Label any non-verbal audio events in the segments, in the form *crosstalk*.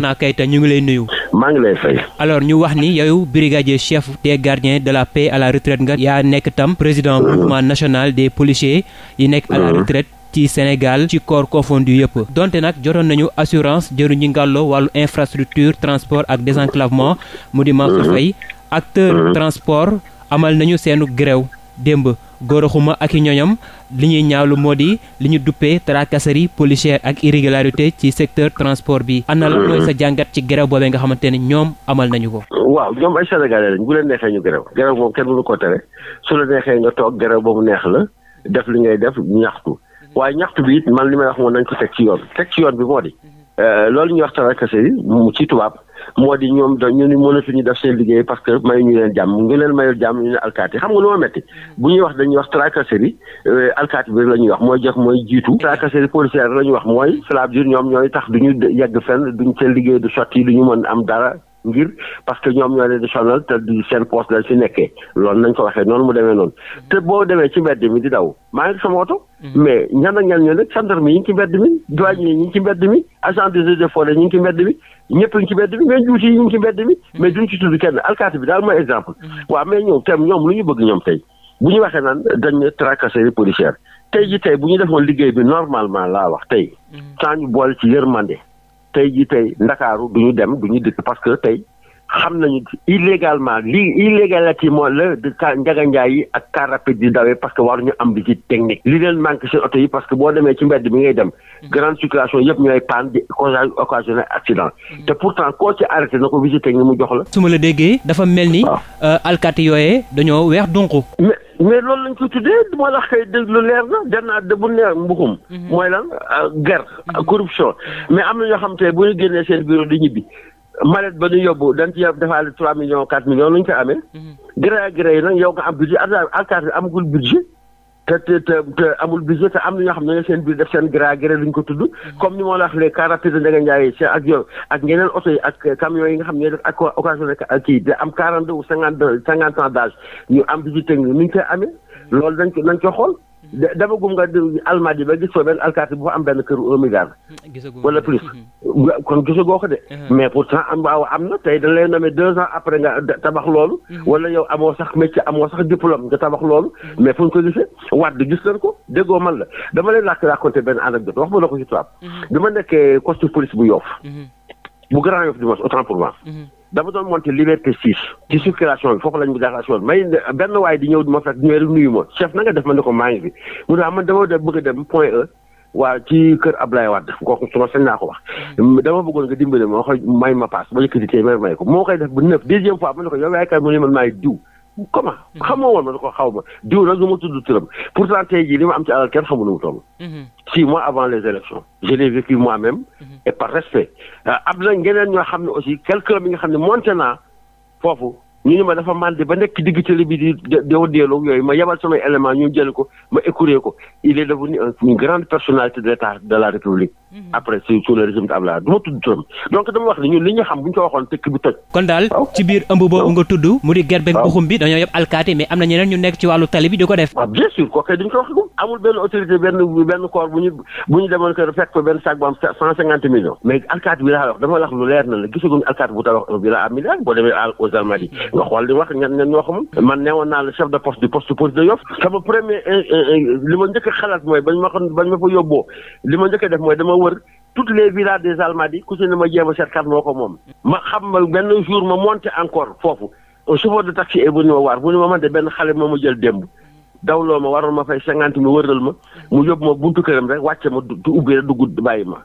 Maimouna Keita ñu ngi lay nuyu. maa alors ñu wax ni yow brigadier chef des gardiens de la paix à la retraite nga yaa nekk tam président mouvement mhm. national des policiers yi nekk à la mhm. retraite. ci Sénégal ci corps confondu yëpp donte nag jotoon nañu assurance jëru ñi ngàlloo wàllu infrastructure transport ak désenclavement mu di Mansour mhm. Faye acteur transport amal nañu seenu grève démb Gora Khouma ak i ñoñam li ñuy ñaawlu moo di li ñu duppee tracasserie policière ak irrégularité ci secteur transport bi ana la mooy sa jàngat ci grève boobee nga xamante ne ñoom amal nañu ko waaw ñoom ay sénégalais lañ bu leen neexee ñu grève grève moom kenn mënu ko tere su la neexee nga toog grève boobu neex la def li ngay def ñaxtu waaye ñaxtu biit man li may wax moom nañ ko teg ci yoon teg ci yoon bi moo di euh, loolu ñuy wax tracasserie mu ci tubaab moo di ñoom dañu ni mënatuñu def seen liggéey parce que may ñu leen jàmm ngi leen mayul jàmm ñu ne alkaati xam nga lu ma metti bu ñuy wax dañuy wax tracasserie euh, alkaati bi la ñuy wax mooy jox mooy jiitu tracasserie policière la ñuy wax mooy cela veut ñoom ñooy tax duñu yegg fenn duñ seen liggéey du sotti duñu mën am dara ngir parce que ñoom ñoo leen di sonal te du seen poste la ci nekkee loolu nañ ko waxee noonu mu demee noonu mm-hmm. te boo demee ci mbedd mi di daw maa ngi sama oto mm-hmm. mais ñan ak ñan ñoo nekk gendarme yi ñu ngi ci mbedd mi douane yi ñu ngi ci mbedd mi agent des eaux et forêts ñu ngi ci mbedd mi ñëpp ngi ci mbedd mi mais juuti yi ñu ngi ci mbedd mi mm-hmm. mais duñ ci tudd kenn alkaati bi daal mooy exemple waaw mais ñoom tam ñoom lu ñu bëgg ñoom tey bu ñu waxee naan dañ ne tracasserie policière tey ji tey bu ñu defoon liggéey bi normalement laa wax tey sans ñu boole ci yërmande tey ji tey ndakaaru du ñu dem du ñu dikk parce que tey xam nañu illégalement lii illégalité moo la de car njaga yi ak car rapide di dawee parce que waruñu am di ci technique li leen manqué seen oto yi parce que boo demee ci mbedd bi ngay dem mm-hmm. grande circulation yëpp ñooy panne di causage occasionnel accident mm-hmm. te pourtant koo ci arrêté na ko visite technique mu jox la su la déggee dafa mel ni euh, alkaati yooyee dañoo weex donc mais loolu lañ ko tuddee moo la xëy dëgg lu leer na danaa de bu leer mbuxum mm-hmm. mooy lan euh, guerre corruption mais am na ñoo xam te bu ñu génnee seen bureau di ñibbi malet ba ñu yóbbu dañ ci defaale trois millions quatre millions lu ñu koy amee. Mhm. gré gré yi nag yow nga am budget alkaati bi amagul budget te te te amul budget te am na ñoo ne ñoo seen def seen gré gré ko tudd. Mhm. comme ni ma la wax les car rapide yi ak camions yi nga xam ne ñooy def ak occasion rek kii da am quarante ou cinquante cinquante ans d'âge am budget technique ni ñu koy amee. Mhm. loolu dañ ko xool. dafa gum nga almadi ba gis fa benn alkaati bu fa am benn kër un milliard wala plus mhm. kon gisagoo ko de mhm. mais pourtant am waaw am na tey dañ lay nommé deux ans après nga tabax loolu mhm. wala yow amoo sax métier amoo sax diplôme nga tabax loolu mais fu ñu ko gisee wàdd gis nañ ko déggoo man la dama leen làkk raconté benn anecdote wax ma la ko ci tubaab bi ma nekkee poste police bu yoof bu grand yoof dimanche autant pour moi dama doon monté liberté 6 ci circulation bi foofu lañ bi jaxasoo may benn waaye di ñëw di ma fekk ñëwee rek nuyu ma chef na def ma ne ko maa ngi fi mu ne ah man dama bëgg a dem point E waa ci kër Ablaye Wade kooku su ma sañ naa ko wax. dama bëggoon nga dimbale ma wax may ma paas ma yëkkati tey may ko moo koy def bu neuf deuxième fois ma ne ko yow yaay kay mu ne man maay diw. comment. Hmm. xam nga woon ma ne ko xaw ma diw nag nu ma tudd turam pourtant tey jii li ma am alal kenn xamu nu mu toll. Hmm. six avant les élections je l'ai vécu moi-même. Hmm. et par respect euh, am na ñeneen ñoo xam ne aussi quelqu'un mi nga xam ne monté naa foofu. ñu ne ma dafa màndi ba nekk digg télé bi di doo deeloo yooyu ma yabal samay élément ñu jël ko ma écouré ko il est devenu une grande la République mhm. tudd turam donc dama wax ne ñun li ñu xam bu ñu ko waxoon tëkk bi toj kon daal ci biir ëmb boobu nga tudd mu di gerbeeg buxum bi dañoo yëpp alkaati mais am na ñeneen ñu nekk ci wàllu tali bi di ko def waaw ah, bien sûr kooku duñ ko wax amul benn autorité benn benn corps bu ñu bu ñu demoon fekk fa benn sac bu am cent nga xool di wax ñan ñan ñoo xamul man neewoon naa la chef de poste du poste poste de Yoff sama premier euh, euh, euh, li ma njëkk xalaat mooy bañ ma xam bañ ma fa yóbboo li ma njëkk a def mooy dama wër toutes les villages des Almadies ku ci ne ma jéem a seet moo ko moom ma xam ma benn jour ma monter encore foofu chauffeur de taxi et bu ma waar bu ñu ma man de benn xale moo ma jël démb dawloo ma waroon ma fay cinquante mi wëral ma mu yóbbu ma buntu këram rek wàcce ma du ubbi rek dugg bàyyi ma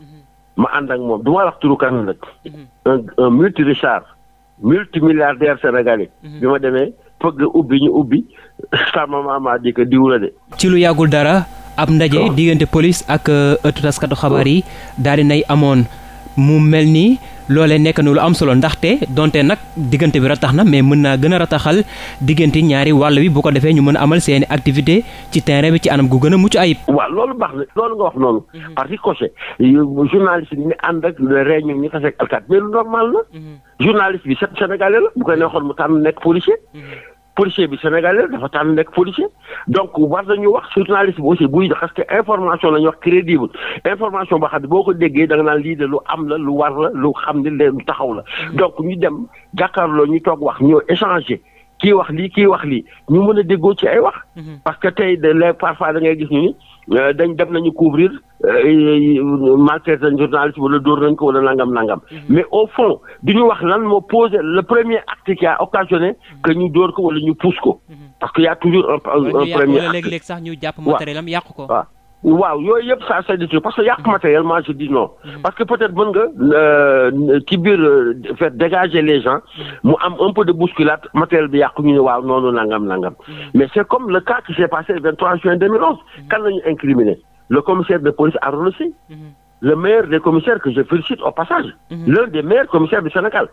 ma ànd ak moom du ma wax turu kan nag mm-hmm. un un multimilliardaire sénégalais. Mhm. bi ma demee fëgg ubbi ñu ubbi *laughs* sama maama di de. ci lu yàggul dara. ab ndaje diggante police ak euh, ëttu taskatu xabaar yi daal nay amoon mu mel ni. loolee nekk na lu am solo ndaxte donte nag diggante bi ratax na mais mën naa gën a rataxal diggante ñaari wàll wi bu ko defee ñu mën a amal seeni activité ci terrain bi ci anam gu gën a mucc ayib. waaw loolu baax na loolu nga wax noonu. Mhm. parce que coche journaliste bi ñu ànd ak le ñu tase ak alkaat mais lu normal la. Mhm. journaliste bi Sénégalais la bu koy neexoon mu tànn nekk policier. Mhm. policier bi Sénégal la dafa tànn nekk policier donc war nañu wax journaliste bi aussi buy parce que information la ñuy wax crédible information boo xam ne boo ko déggee da naan lii de lu am la lu war la lu xam ne lu taxaw la mm. donc ñu dem jàkkaarloo ñu toog wax ñu échanger. kii wax lii kii wax lii ñu mën a déggoo ci ay wax. Mhm. parce que tey les parfois da ngay gis ñu ni euh, dañ dem nañu couvrir euh, maltraité nañ journaliste wala dóor nañ ko wala nangam nangam. Mhm. mais au fond du wax lan moo posé le premier acte qui a occasionné mhm. que ñu dóor ko wala ñu pousse ko. parce que y a toujours un premier acte. sax ñu jàpp matériel am yàq ko. waaw yooyu yëpp ça c'est difficile parce que yàq mhm. matériel moi je dis non mhm. parce que peut-être mën nga euh, ci biir euh, faire dégager les gens mhm. mu am un peu de bousculade matériel bi yàqu ñu ne waaw noonu nangam nangam mais c'est comme le cas qui s'est passé le 23 juin 2011 kan la ñu incriminé le commissaire de police Arona Sy le meilleur des commissaires que je félicite au passage l'un des meilleurs commissaires du Sénégal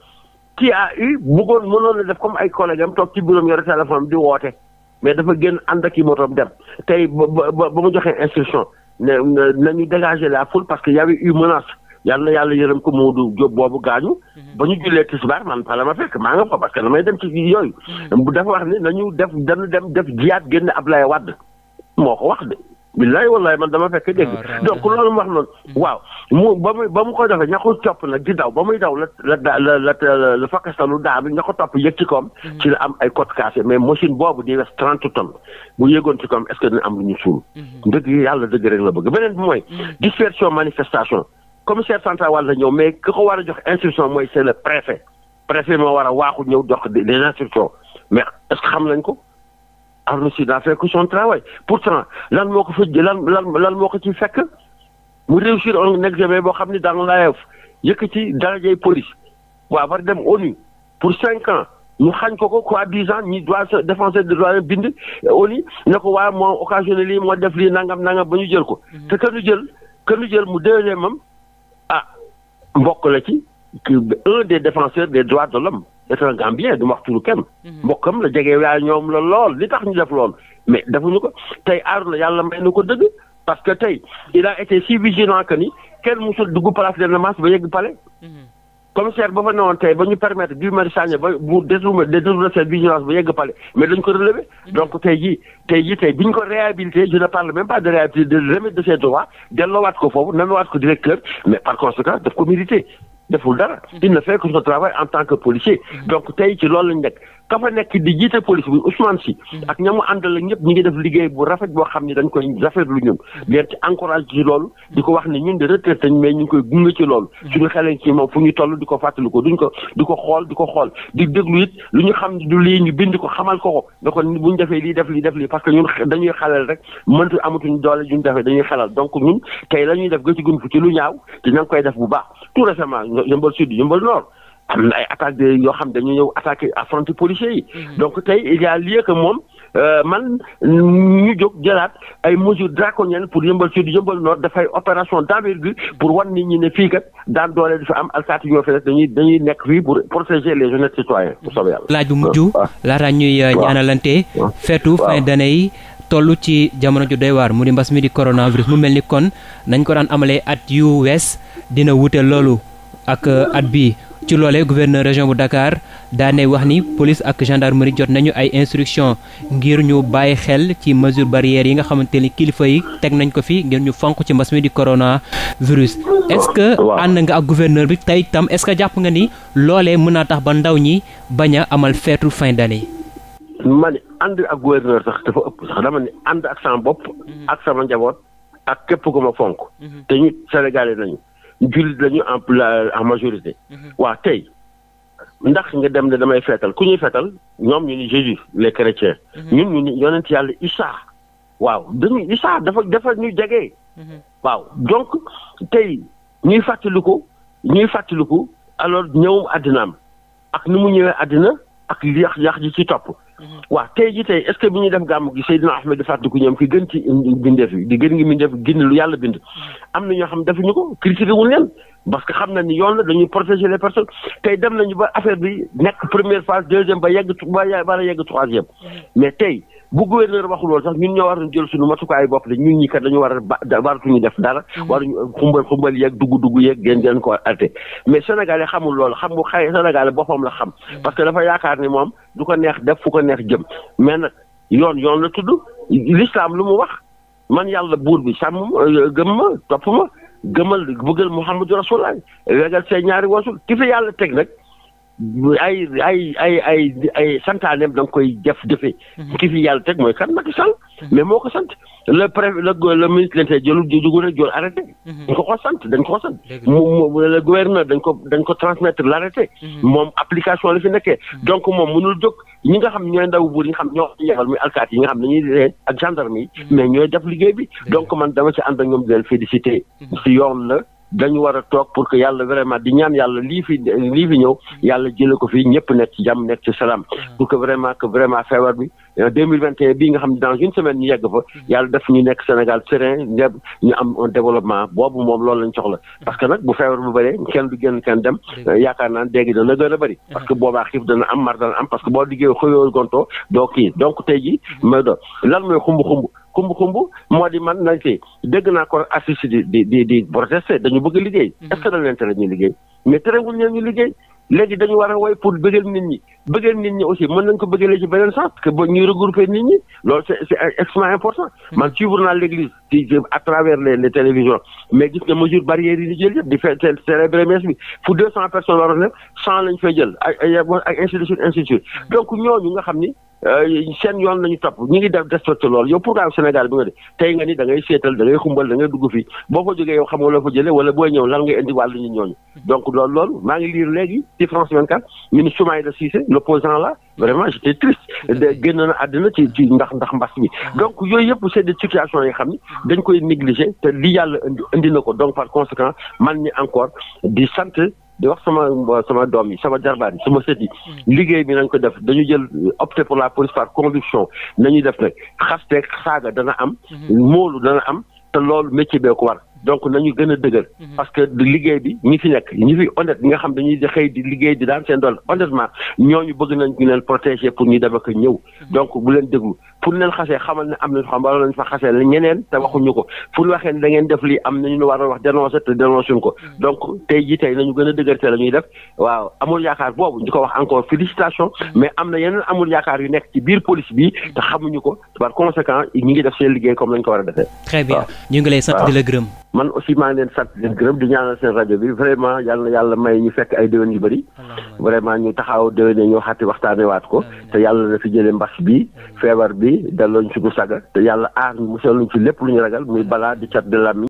qui a eu bëggoon mënoon na def comme ay collègues am toog ci bureau yore téléphone di woote mais dafa génn ànd ak i motom dem tey ba ba ba mu joxee instruction ne nañu dégager la foule parce que y avait eu menace yàlla yàlla yërëm ko Moodu Jóob boobu gaañu. Mhm. ba ñu jullee tisbaar man fa la ma fekk maa nga ko parce que damay dem ci yooyu. Mhm. dafa wax ne nañu def dañu dem def jiyaat génn Ablaye Wade moo ko wax de. billaay wallaay man dama fekk dégg ah, donc loolu mu wax noonu hmm. waaw mu ba mu ba mu ko defee ña ko topp nag di daw ba muy daw la la la la la fakastanu daa bi ña ko topp yëg ci koom hmm. ci la am ay côte cassée mais machine boobu di wees trente tonnes bu yëgoon ci koom est-ce am lu ñu suul hmm. dëgg yàlla dëgg rek la bëgg beneen bi mooy dispersion manifestation commissaire central war la ñëw mais ki ko war a jox instruction mooy c'est le préfet préfet war a waaxu ñëw dox des instructions mais est-ce xam nañ ko Arona Sy n'a fait que son travail pourtant lan moo ko fa lan lan moo ko ci fekk mu réussir un examen boo xam ne dans l'AEF yëkkati darajay police waa war dem ONU pour cinq ans ñu xañ ko ko quoi dix ans ñi doit se défenseur de droit bind ONU ne ko waaye moo occasionné lii moo def lii nangam nangam ba ñu jël ko mhm. te que ñu jël que jël mu deuxième am ah mbokk la ci un des défenseurs des droits de l'homme état gambien du wax turu kenn. Mhm. mbokkam la jege waa ñoom la lool li tax ñu def lool mais defuñu ko tey aar la yàlla may na ko dëgg parce que tey il a été si vigilant que ni kenn musul dugg place de masse ba yegg palais. Mhm. commissaire ba fa newoon tey ba ñu permettre Guy Marius Sagna ba mu détourné détourné cette vigilance ba yegg palais mais dañ ko relever. Mhm. donc tey jii tey ji tey bi ñu ko réhabilité je na parle même pas de réhabilité de remettre de ses droits delloowaat ko foofu namewaat ko directeur mais par conséquent deful dara. il ne fait que son en tant que policier. Mhm. donc tey ci loolu lañ nekk ka fa nekk di jiite police bi Ousmane Sy mm. ak ñamu àndal ak ñëpp ñi ngi def liggéey bu rafet boo xam ne dañ koy rafetlu ñun mm. leen ci encourage ci di ko wax ne ñun de retraité mais ñu ngi koy gunge ci loolu mm. suñu xeleen ci moom fu ñu toll di ko fàttali ko duñ ko di ko xool di ko xool di déglu it lu ñu xam du ñu bind ko xamal ko ko ne ko buñu defee lii def lii def lii parce que ñun dañuy xelal rek mëntu amatuñ doole ñu defee dañuy xelal donc ñun tey la ñuy def gëci gun ci lu ñaaw dinañ koy def bu baax tout récemment yëmbal sud yëmbal nord am na ay attaques de yoo xam dañu ñëw attaqué affronté policiers yi. Mhm. donc tey il y a lieu moom euh, man ñu jóg jëlaat ay mesures draconiennes pour yëmbal sud yëmbal nord dafay opération d'envergure pour wan nit ñi ne fii kat daan doole dafa am alkaati ñoo fi nekk dañuy dañuy nekk fii pour protéger les jeunes citoyens bu soobee yàlla. laaj bu mujj laata ñuy euh, ñaanalante. feetu fin d'année yi toll ci jamono ju doy waar mu di mbas mi di coronavirus mu mel ni kon nañ ko daan amalee at yu wees dina wute loolu ak euh, bii. ci loolee gouverneur région bu Dakar daane wax ni police ak gendarmerie jot nañu ay instruction ngir ñu bàyyi xel ci mesure barrière yi nga xamante ni kilifa yi teg nañ ko fii ngir ñu fonk ci mbas mi di corona virus est-ce que ànd nga ak gouverneur bi tey tam est-ce que jàpp nga ni loole mën naa tax ba ndaw ñi bañ a amal feetu fin d'année ma ne ànd ak gouverneur sax dafa ëpp sax dama ne ànd ak sama bopp mhm. ak sama njaboot ak képp ku ma fonk mhm. te ñu sénégalais nañu jullit lañu en en majorité. Mhm. waa tey ndax nga dem ne damay feetal ku ñuy fetal ñoom ñu ni Jésus les chrétiens. Mhm. ñun ñu ni yonent yàlla Isaa waaw dañu Isaa dafa dafa ñu jege. Mhm. waaw donc tey ñuy fàttaliku ñuy fàttaliku alors ñëwum àddinaam ak ni mu ñëwee àddina ak li yàq yàq ji ci topp. Mm-hmm. waaw tey ji tey est-ce que bi ñuy def gàmm gi Seydina Ahmed di fàttaliku ñoom ki gën ci bindeef yi di gën ngi bindeef génn lu yàlla bind mm-hmm. am na ñoo xam defuñu ko critiqué wuñ leen parce que xam na ni yoon dañuy protéger les personnes tey dem nañu ba affaire bi nekk première phase deuxième ba yegg ba yegg troisième mm-hmm. mais tey bu gouverneur waxul woon sax ñun ñoo war jël suñu matukaay bopp de ñun ñi kat dañu war a waratuñu def dara. Mhm. waruñu euh, xumbal xumbal yeeg dugg-dugg yeeg gën gën ko arte mais sénégalais xamul loolu xam bu xay sénégalais boppam la xam. Mhm. parce que dafa yaakaar ni moom du ko neex def fu ko neex jëm mais nag yoon yoon la tudd l'islam lu mu wax man yàlla buur bi sàmm euh, gëm ma topp ma gëmal bëggal muhammadu rasulullah wegal say ñaari wasul ki fi yàlla teg nag. ay ay ay ay ay santaaneem da koy def jëfe mhm. ki fi yàlla teg mooy kan Macky Sall mhm. mais moo ko sant la préfet la ministre de l'Intérieur jëlul jógoon a jël arrêté mhm. dañ ko ko sant dañ ko ko mu moom le gouverneur dañ ko dañ ko transmettre l'arrêté moom application la fi nekkee donc moom mënul jóg ñi nga xam ñooy ndaw buur yi xam ñoo yebal muy alkaat yi nga xam dañuy reen ak gendarme yi mais ñooy def liggéey bi donc man dama ci ànd ak ñoom di leen félicité si yoon la dañu war a toog pour que yàlla vraiment di ñaan yàlla lii fi lii fi ñëw yàlla jëlee ko fi ñëpp nekk ci jàmm nekk ci salaam mm. pour que vraiment que vraiment feebar bi euh, deux mille vingt et un nga xam ne dans une semaine ñu yegg fa mm. yàlla def ñu nekk Sénégal serein ñu am développement boobu moom loolu lañ soxla mm. parce que nag bu feebar bu bëree kenn du génn kenn dem euh, yaakaar naa dégg dana gën a bëri parce que boobaa xiif dana am mar dana am parce que kumb kumb moo di man nañ fi dégg naa ko affiche di di di di protester dañu bëgg liggéey. Mhm. est-ce que ñu liggéey mais terewul ñoom ñu liggéey. léegi dañu war a woy pour bëggal nit ñi bëggal nit ñi aussi mën nañ ko bëggalee ci beneen sens que ba ñuy regrouper nit ñi loolu c'est c'est extrêmement important mhm. man suivre naa l'église ci à travers les les télévisions mais gis nga mesure barrière yi ñu yëpp di fête célébrer messe bi fu deux cent personnes waroon ne cent lañ fay jël ak mhm. nga xam ni Euh, seen yoon lañu topp ñu ngi def respecté lool yow programme Sénégal bi nga de tey nga ni da ngay seetal da ngay xumbal da ngay dugg fii boo fa jógee yow xam nga loo fa jëlee wala booy ñëw lan nga indi wàllu nit ñooñu donc loolu loolu maa ngi lire léegi ci France 24 ñu ni Soumaïla Cissé l'opposant là vraiment j'étais triste génn na àddina ci ci ndax ndax mbas bi ah. donc yooyu yëpp c'est des situations yi xam ni ah. dañ koy négliger te li yàlla indi indi na ko donc par conséquent man ñi encore di sant di wax sama sama doom yi sama jarbaan yi sama sët yi mm. liggéey bi nañ ko def dañu jël opté pour la police par conviction nañu def nag xasteeg saaga dana am moolu mm-hmm. dana am te loolu métier bee ko war donc nañu gën dëgër mm-hmm. parce que liggéey bi ñi fi nekk ñi fi honnête nga xam dañuy xëy di liggéey di daan seen doole honnêtement ñooñu bëgg nañ ñu leen protéger pour ñu dem ak ñëw mm-hmm. donc bu leen déglu fu ñu leen xamal ne am nañu xam waroon nañu fa xasee la ñeneen te waxuñu ko fu ñu waxee ne da ngeen def lii am nañu ñu waroon wax dénoncé te dénoncé ko mm. donc tey jii tey nañu gën a dëgërte la ñuy def waaw amul yaakaar boobu ñu ko wax encore félicitation mm. mais am na yeneen amul yaakaar yu nekk ci biir police bi mm. te xamuñu ko par conséquent ñi ngi def seen liggéey comme lañ ko war a defee. très bien ñu ngi lay sant di la gërëm. man aussi maa ngi leen sant di leen gërëm di ñaanal seen bi vraiment yàlla na yàlla may fekk ay déwén yu bëri vraiment ñu taxaw déwén ñu waxaati waxtaane waat ko te yàlla na fi jëlee mbas bi dellooñ ci ku saga te yàlla aar ñu musal ñu ci lépp lu ñu ragal muy balaa di cat de làmmiñ